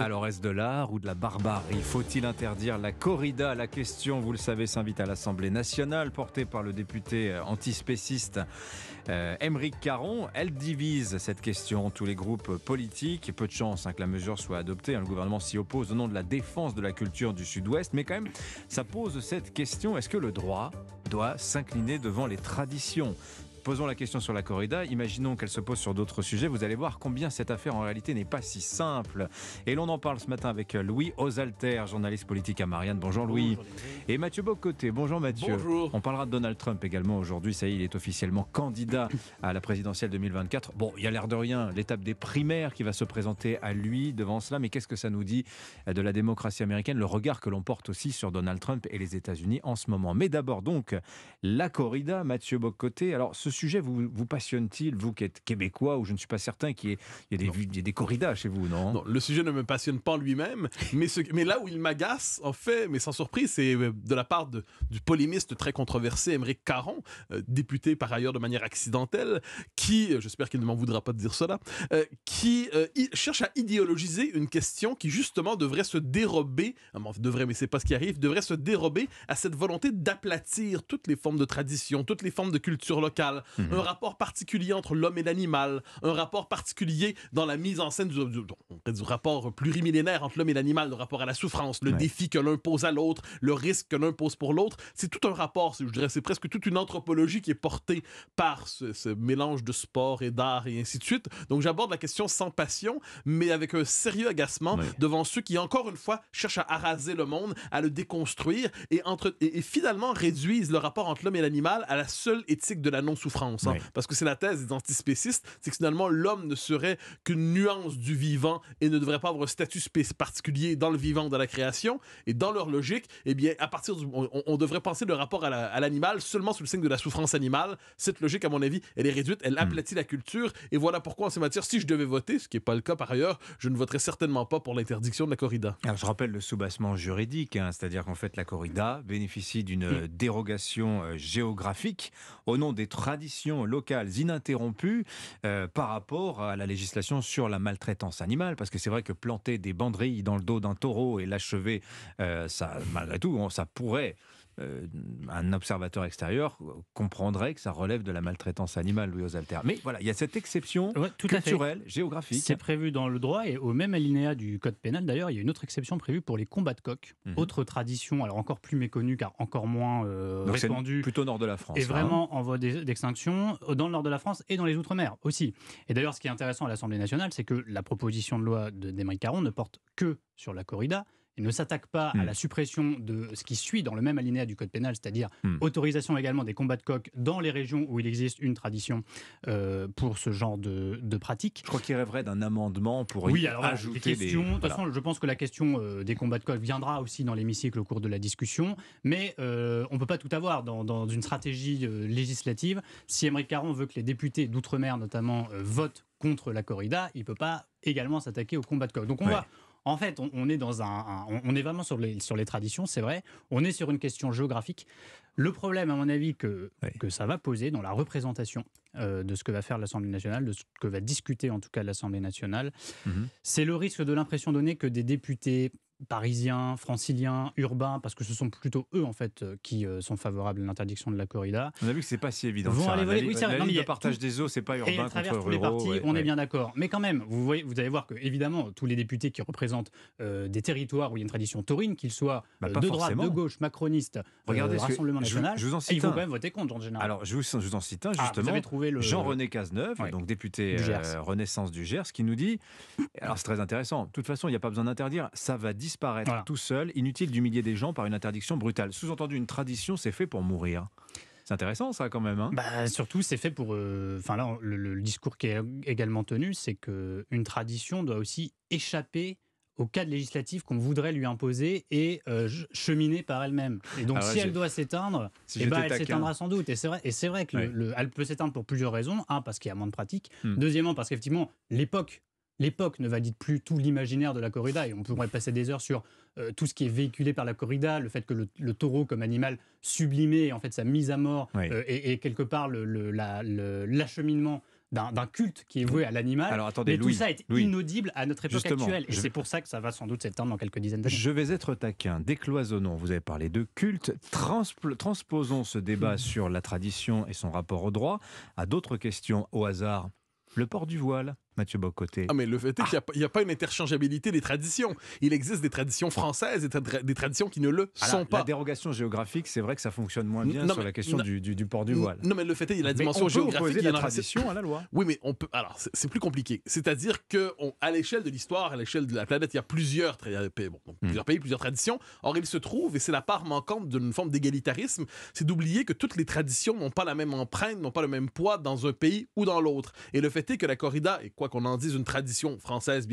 Alors est-ce de l'art ou de la barbarie Faut-il interdire la corrida La question, vous le savez, s'invite à l'Assemblée nationale, portée par le député euh, antispéciste euh, Émeric Caron. Elle divise cette question, tous les groupes politiques. Peu de chance hein, que la mesure soit adoptée. Hein. le gouvernement s'y oppose au nom de la défense de la culture du Sud-Ouest. Mais quand même, ça pose cette question, est-ce que le droit doit s'incliner devant les traditions posons la question sur la corrida, imaginons qu'elle se pose sur d'autres sujets, vous allez voir combien cette affaire en réalité n'est pas si simple. Et l'on en parle ce matin avec Louis Osalter, journaliste politique à Marianne. Bonjour Louis. Et Mathieu Bocoté, bonjour Mathieu. On parlera de Donald Trump également aujourd'hui, ça est, il est officiellement candidat à la présidentielle 2024. Bon, il y a l'air de rien, l'étape des primaires qui va se présenter à lui devant cela, mais qu'est-ce que ça nous dit de la démocratie américaine, le regard que l'on porte aussi sur Donald Trump et les États-Unis en ce moment. Mais d'abord donc, la corrida, Mathieu Bocoté. Alors ce sujet vous, vous passionne-t-il, vous qui êtes québécois, ou je ne suis pas certain qu'il y, ait, des, des corridas chez vous, non, le sujet ne me passionne pas en lui-même, mais, mais là où il m'agace, en fait, mais sans surprise, c'est euh, de la part du polémiste très controversé Émeric Caron, euh, député par ailleurs de manière accidentelle, qui, euh, j'espère qu'il ne m'en voudra pas de dire cela, qui cherche à idéologiser une question qui justement devrait se dérober, ah, devrait, mais c'est pas ce qui arrive, devrait se dérober à cette volonté d'aplatir toutes les formes de tradition, toutes les formes de culture locale, Mhm. un rapport particulier entre l'homme et l'animal, un rapport particulier dans la mise en scène du, rapport plurimillénaire entre l'homme et l'animal, le rapport à la souffrance, le défi que l'un pose à l'autre, le risque que l'un pose pour l'autre. C'est tout un rapport, je dirais, c'est presque toute une anthropologie qui est portée par ce, mélange de sport et d'art et ainsi de suite. Donc j'aborde la question sans passion, mais avec un sérieux agacement devant ceux qui, encore une fois, cherchent à araser le monde, à le déconstruire et, et, et finalement réduisent le rapport entre l'homme et l'animal à la seule éthique de la non-souffrance France. Hein. Parce que c'est la thèse des antispécistes, c'est que finalement, l'homme ne serait qu'une nuance du vivant et ne devrait pas avoir un statut particulier dans le vivant, dans la création. Et dans leur logique, eh bien, à partir on, devrait penser le rapport à l'animal seulement sous le signe de la souffrance animale. Cette logique, à mon avis, elle est réduite, elle hmm. aplatit la culture. Et voilà pourquoi, en ces matières, si je devais voter, ce qui n'est pas le cas par ailleurs, je ne voterais certainement pas pour l'interdiction de la corrida. je rappelle le soubassement juridique, hein, c'est-à-dire qu'en fait, la corrida bénéficie d'une hmm. dérogation euh, géographique au nom des traditions locales ininterrompues euh, par rapport à la législation sur la maltraitance animale Parce que c'est vrai que planter des banderilles dans le dos d'un taureau et l'achever, euh, ça, malgré tout, ça pourrait euh, un observateur extérieur euh, comprendrait que ça relève de la maltraitance animale, Louis aux Mais voilà, il y a cette exception toute naturelle culturelle, géographique. C'est prévu dans le droit et au même alinéa du code pénal, d'ailleurs, il y a une autre exception prévue pour les combats de coqs. Mhm. Autre tradition, alors encore plus méconnue car encore moins euh, répandue. Plutôt nord de la France. Et hein. vraiment en voie d'extinction dans le nord de la France et dans les Outre-mer aussi. Et d'ailleurs, ce qui est intéressant à l'Assemblée nationale, c'est que la proposition de loi de Caron ne porte que sur la corrida, et ne s'attaque pas à hmm. la suppression de ce qui suit dans le même alinéa du code pénal, c'est-à-dire hmm. autorisation également des combats de coq dans les régions où il existe une tradition euh, pour ce genre de, de pratique. Je crois qu'il rêverait d'un amendement pour y ajouter des questions. De toute façon, je pense que la question euh, des combats de coq viendra aussi dans l'hémicycle au cours de la discussion, mais euh, on ne peut pas tout avoir dans, une stratégie législative. Si Émeric Caron veut que les députés d'outre-mer notamment votent contre la corrida, il ne peut pas également s'attaquer aux combats de coq. Donc on va en fait, on, est dans un, on est vraiment sur les, sur les traditions, c'est vrai. On est sur une question géographique. Le problème, à mon avis, que, que ça va poser dans la représentation euh, de ce que va faire l'Assemblée nationale, de ce que va discuter en tout cas l'Assemblée nationale, mhm. c'est le risque de l'impression donnée que des députés parisiens, franciliens, urbains, parce que ce sont plutôt eux en fait euh, qui euh, sont favorables à l'interdiction de la corrida. On a vu que c'est pas si évident. Vont aller voler. La, partage des eaux, c'est pas urbain contre on est bien d'accord. Mais quand même, vous voyez, vous allez voir que évidemment tous les députés qui représentent euh, des territoires où il y a une tradition taurine, qu'ils soient bah, de droite, de gauche, macroniste, Regardez Rassemblement national, ils vont quand même voter contre en général. Alors je vous, en cite un ah, justement. Jean-René Cazeneuve, donc député Renaissance du Gers, qui nous dit, alors c'est très intéressant. De toute façon, il n'y a pas besoin d'interdire, ça va dire disparaître tout seul, inutile d'humilier des gens par une interdiction brutale. Sous-entendu, une tradition, c'est fait pour mourir. C'est intéressant ça quand même. Hein. Bah, surtout, c'est fait pour. Euh, enfin là, le, discours qui est également tenu, c'est que une tradition doit aussi échapper au cadre législatif qu'on voudrait lui imposer et euh, cheminer par elle-même. Et donc, ah si elle doit s'éteindre, eh ben, elle s'éteindra sans doute. Et c'est vrai, et c'est vrai que le, peut s'éteindre pour plusieurs raisons. Un, parce qu'il y a moins de pratiques. Hmm. Deuxièmement, parce qu'effectivement, l'époque l'époque ne valide plus tout l'imaginaire de la corrida. Et on pourrait passer des heures sur euh, tout ce qui est véhiculé par la corrida, le fait que le, taureau comme animal sublimé, et en fait sa mise à mort, euh, et, quelque part l'acheminement. Le, d'un culte qui est voué à l'animal. Alors attendez, Mais tout ça est inaudible à notre époque actuelle. Et c'est pour ça que ça va sans doute s'éteindre dans quelques dizaines d'années. Je vais être taquin. Décloisonnons. Vous avez parlé de culte. transposons ce débat sur la tradition et son rapport au droit à d'autres questions au hasard. Le port du voile. Mathieu Bocoté. Ah, mais le fait est qu'il n'y a, pas une interchangeabilité des traditions. Il existe des traditions françaises et des traditions qui ne le sont pas. La dérogation géographique, c'est vrai que ça fonctionne moins bien sur la question du, port du voile. Non, mais le fait est qu'il y a la dimension géographique. Il la tradition à la loi. Oui, mais on peut. Alors, c'est plus compliqué. C'est-à-dire que à l'échelle de l'histoire, à l'échelle de la planète, il y a plusieurs, mm. plusieurs pays, plusieurs traditions. Or, il se trouve, et c'est la part manquante d'une forme d'égalitarisme, c'est d'oublier que toutes les traditions n'ont pas la même empreinte, n'ont pas le même poids dans un pays ou dans l'autre. Et le fait est que la corrida est quoi qu'on en dise, une tradition française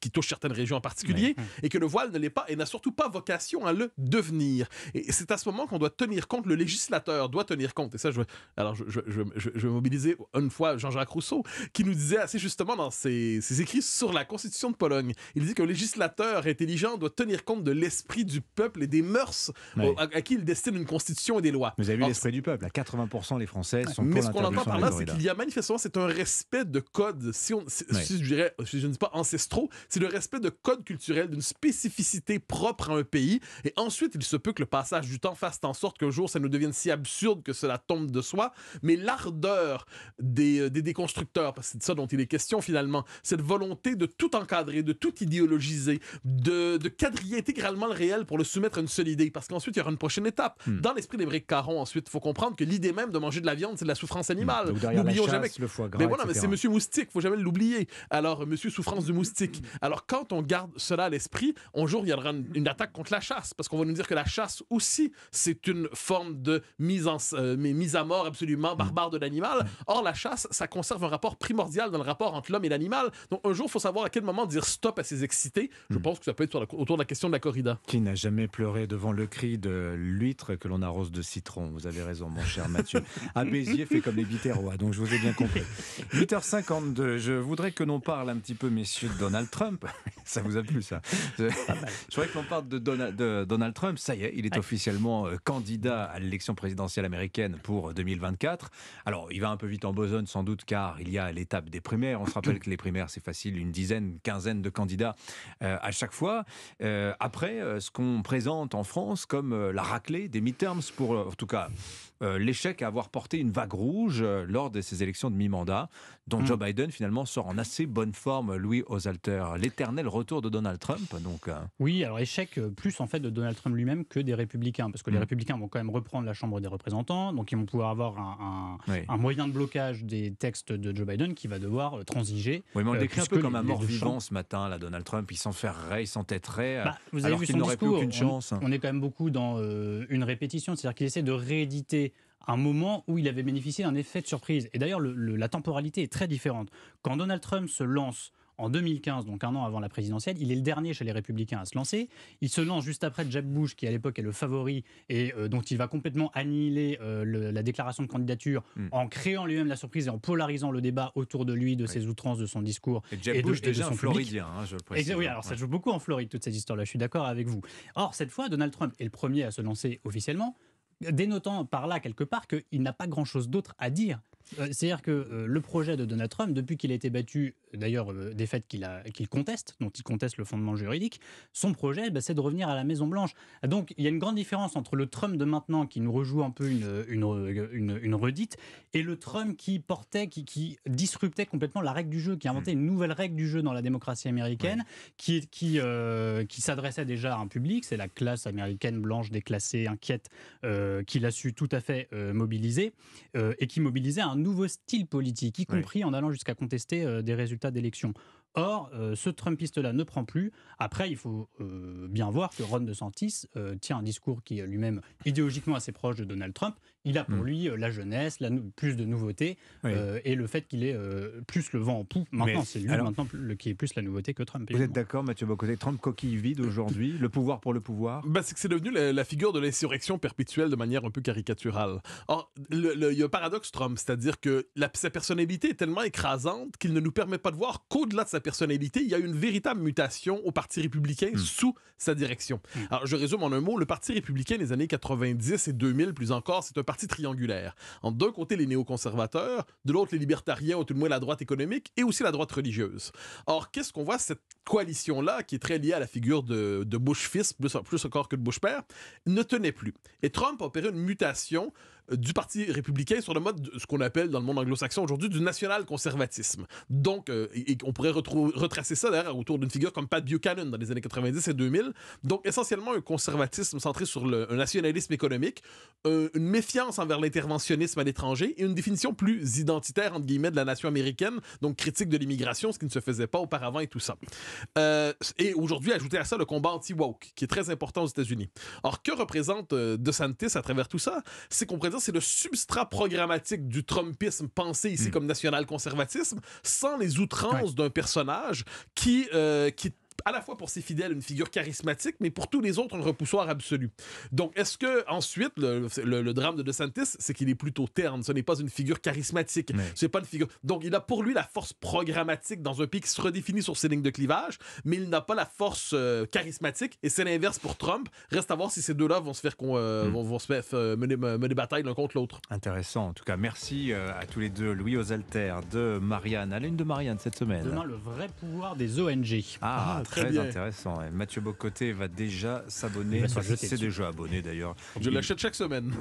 qui touche certaines régions en particulier, et que le voile ne l'est pas et n'a surtout pas vocation à le devenir. Et c'est à ce moment qu'on doit tenir compte, le législateur doit tenir compte. Et ça, je, alors je, je, je, je vais mobiliser une fois Jean-Jacques Rousseau, qui nous disait assez justement dans ses, ses écrits sur la Constitution de Pologne, il dit qu'un législateur intelligent doit tenir compte de l'esprit du peuple et des mœurs à, qui il destine une Constitution et des lois. Vous avez vu l'esprit du peuple, à 80% les Français sont Mais ce qu'on entend par là, c'est qu'il y a manifestement, c'est un respect de code. Si on, si je, dirais, ne dis pas ancestraux, c'est le respect de codes culturels, d'une spécificité propre à un pays. Et ensuite, il se peut que le passage du temps fasse en sorte qu'un jour, ça nous devienne si absurde que cela tombe de soi. Mais l'ardeur des, euh, déconstructeurs, parce que c'est de ça dont il est question finalement, cette volonté de tout encadrer, de tout idéologiser, de, de intégralement le réel pour le soumettre à une seule idée. Parce qu'ensuite, il y aura une prochaine étape. Hmm. Dans l'esprit des briques ensuite, il faut comprendre que l'idée même de manger de la viande, c'est de la souffrance animale. N'oublions jamais. Que... Le foie gras, mais voilà, mais c'est Monsieur Moustique, faut jamais l'oublier alors euh, monsieur souffrance de moustique. Alors quand on garde cela à l'esprit, un jour il y aura une, attaque contre la chasse, parce qu'on va nous dire que la chasse aussi, c'est une forme de mise, en, euh, mise à mort absolument barbare de l'animal. Or, la chasse, ça conserve un rapport primordial dans le rapport entre l'homme et l'animal. Donc un jour, il faut savoir à quel moment dire stop à ces excités. Je mm. pense que ça peut être autour de la question de la corrida. Qui n'a jamais pleuré devant le cri de l'huître que l'on arrose de citron Vous avez raison, mon cher Mathieu. à Béziers, fait comme les Biterrois, donc je vous ai bien compris. 8h52, je vous voudrais que l'on parle un petit peu, messieurs, de Donald Trump. ça vous a plu, ça Je voudrais que l'on parle de, Donald Trump. Ça y est, il est officiellement euh, candidat à l'élection présidentielle américaine pour 2024. Euh, Alors, il va un peu vite en besogne, sans doute, car il y a l'étape des primaires. On se rappelle que les primaires, c'est facile, une dizaine, quinzaine de candidats euh, à chaque fois. après, ce qu'on présente en France comme la raclée des midterms, pour, en tout cas, euh, l'échec à avoir porté une vague rouge euh, lors de ces élections de mi-mandat, dont mm. Joe Biden finalement sort en assez bonne forme, Louis Osalter. L'éternel retour de Donald Trump, donc. Euh. Oui, alors échec plus en fait de Donald Trump lui-même que des républicains, parce que les mm. républicains vont quand même reprendre la Chambre des représentants, donc ils vont pouvoir avoir un, un, moyen de blocage des textes de Joe Biden qui va devoir transiger. Oui, mais on le décrit un peu comme un mort-vivant ce matin, là, Donald Trump. Il s'enferrait, il s'entêterait, bah, alors vu n'aurait plus aucune chance. on est quand même beaucoup dans une répétition, c'est-à-dire qu'il essaie de rééditer un moment où il avait bénéficié d'un effet de surprise. Et d'ailleurs, la temporalité est très différente. Quand Donald Trump se lance en 2015, donc un an avant la présidentielle. Il est le dernier chez les républicains à se lancer. Il se lance juste après Jeb Bush, qui à l'époque est le favori et euh, dont il va complètement annihiler euh, la déclaration de candidature hmm. en créant lui-même la surprise et en polarisant le débat autour de lui, de ses outrances, de son discours. Et Jeb Bush, déjà son Floridien, hein, je précise. oui, alors hein. ça joue beaucoup en Floride, toutes ces histoires-là, je suis d'accord avec vous. Or, cette fois, Donald Trump est le premier à se lancer officiellement dénotant par là quelque part qu'il n'a pas grand-chose d'autre à dire euh, c'est-à-dire que euh, le projet de Donald Trump, depuis qu'il a été battu, euh, d'ailleurs des faits qu'il conteste, dont il conteste le fondement juridique, son projet, bah, c'est de revenir à la Maison Blanche. Donc il y a une grande différence entre le Trump de maintenant qui nous rejoue un peu une, redite et le Trump qui portait, qui, disruptait complètement la règle du jeu, qui inventait mm. une nouvelle règle du jeu dans la démocratie américaine, qui, s'adressait déjà à un public, c'est la classe américaine blanche déclassée, inquiète, qu'il a su tout à fait mobiliser et qui mobilisait un nouveau style politique, y compris en allant jusqu'à contester euh, des résultats d'élections. Or, euh, ce Trumpiste-là ne prend plus. Après, il faut euh, bien voir que Ron DeSantis euh, tient un discours qui est lui-même idéologiquement assez proche de Donald Trump. Il a pour hmm. lui la jeunesse, la, plus de nouveautés et le fait qu'il est plus le vent en poupe. Maintenant, c'est lui maintenant le, qui est plus la nouveauté que Trump. Vous êtes d'accord, Mathieu Bocoté Trump, coquille vide aujourd'hui, le pouvoir pour le pouvoir bah, C'est que c'est devenu la, figure de l'insurrection perpétuelle de manière un peu caricaturale. Or, il y a un paradoxe Trump, c'est-à-dire que la, sa personnalité est tellement écrasante qu'il ne nous permet pas de voir qu'au-delà de sa personnalité, il y a une véritable mutation au Parti républicain hmm. sous sa direction. Hmm. Alors, je résume en un mot, le Parti républicain des années 90 et 2000, plus encore, c'est un parti triangulaire. En d'un côté, les néoconservateurs, de l'autre, les libertariens, ou tout le moins la droite économique, et aussi la droite religieuse. Or, qu'est-ce qu'on voit Cette coalition-là, qui est très liée à la figure de, Bush-fils, plus, plus encore que de Bush-père, ne tenait plus. Et Trump a opéré une mutation du Parti républicain sur le mode de ce qu'on appelle dans le monde anglo-saxon aujourd'hui du national-conservatisme. Donc, euh, on pourrait retracer ça d'ailleurs autour d'une figure comme Pat Buchanan dans les années 90 et 2000. Donc, essentiellement un conservatisme centré sur le, un nationalisme économique, une méfiance envers l'interventionnisme à l'étranger et une définition plus identitaire, entre guillemets, de la nation américaine, donc critique de l'immigration, ce qui ne se faisait pas auparavant et tout ça. Euh, et aujourd'hui, ajouter à ça le combat anti-woke, qui est très important aux États-Unis. Alors, que représente euh, DeSantis à travers tout ça? C'est qu'on présente cest le substrat programmatique du Trumpisme pensé ici hmm. comme national-conservatisme, sans les outrances d'un personnage qui, euh, qui à la fois pour ses fidèles une figure charismatique, mais pour tous les autres un repoussoir absolu. Donc, est-ce que ensuite le, drame de DeSantis, c'est qu'il est plutôt terne, ce n'est pas une figure charismatique, c'est pas une figure. Donc, il a pour lui la force programmatique dans un pays qui se redéfinit sur ses lignes de clivage, mais il n'a pas la force euh, charismatique, et c'est l'inverse pour Trump. Reste à voir si ces deux-là vont se faire euh, hmm. vont, se euh, mener, mener, bataille l'un contre l'autre. Intéressant. En tout cas, merci à tous les deux, Louis Osalter de Marianne, à l'une de Marianne cette semaine. Demain, le vrai pouvoir des ONG. Ah, ah Très, intéressant. Hein. Mathieu Bocoté va déjà s'abonner. déjà abonné d'ailleurs. Je l'achète chaque semaine.